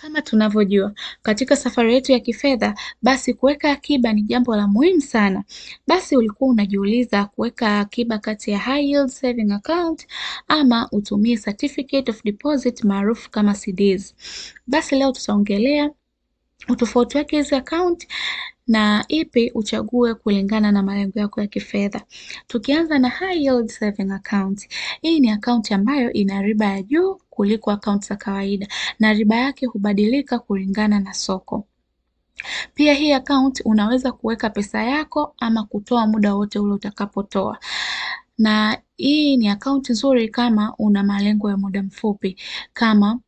Kama tunavyojua katika safari yetu ya kifedha, basi kuweka akiba ni jambo la muhimu sana. Basi ulikuwa unajiuliza kuweka akiba kati ya high yield saving account ama utumie certificate of deposit maarufu kama CDs. Basi leo tutaongelea utofauti wake hizi akaunti na ipi uchague kulingana na malengo yako ya kifedha. Tukianza na high yield saving account, hii ni akaunti ambayo ina riba ya juu kuliko akaunti za kawaida na riba yake hubadilika kulingana na soko. Pia hii akaunti unaweza kuweka pesa yako ama kutoa muda wote ule utakapotoa. Na hii ni akaunti nzuri kama una malengo ya muda mfupi, kama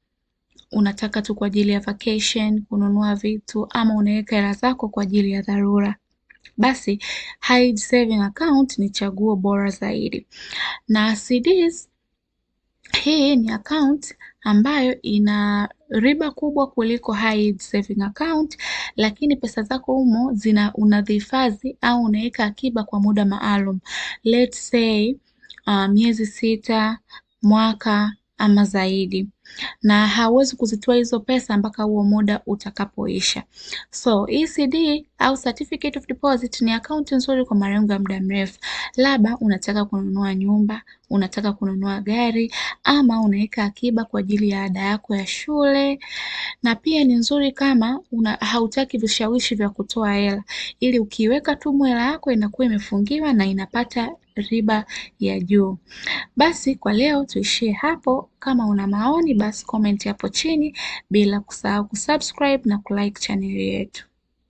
unataka tu kwa ajili ya vacation, kununua vitu ama unaweka hela zako kwa ajili ya dharura. Basi Hide Saving Account ni chaguo bora zaidi. Na CDs hii ni account ambayo ina riba kubwa kuliko high saving account lakini pesa zako humo unazihifadhi au unaweka akiba kwa muda maalum lets say uh, miezi sita, mwaka ama zaidi na hauwezi kuzitoa hizo pesa mpaka huo muda utakapoisha. So ECD au certificate of deposit ni akaunti nzuri kwa malengo ya muda mrefu, labda unataka kununua nyumba, unataka kununua gari, ama unaweka akiba kwa ajili ya ada yako ya shule. Na pia ni nzuri kama una, hautaki vishawishi vya kutoa hela, ili ukiweka tu mwela yako inakuwa imefungiwa na inapata riba ya juu. Basi kwa leo tuishie hapo. Kama una maoni basi comment hapo chini bila kusahau kusubscribe na kulike chaneli yetu.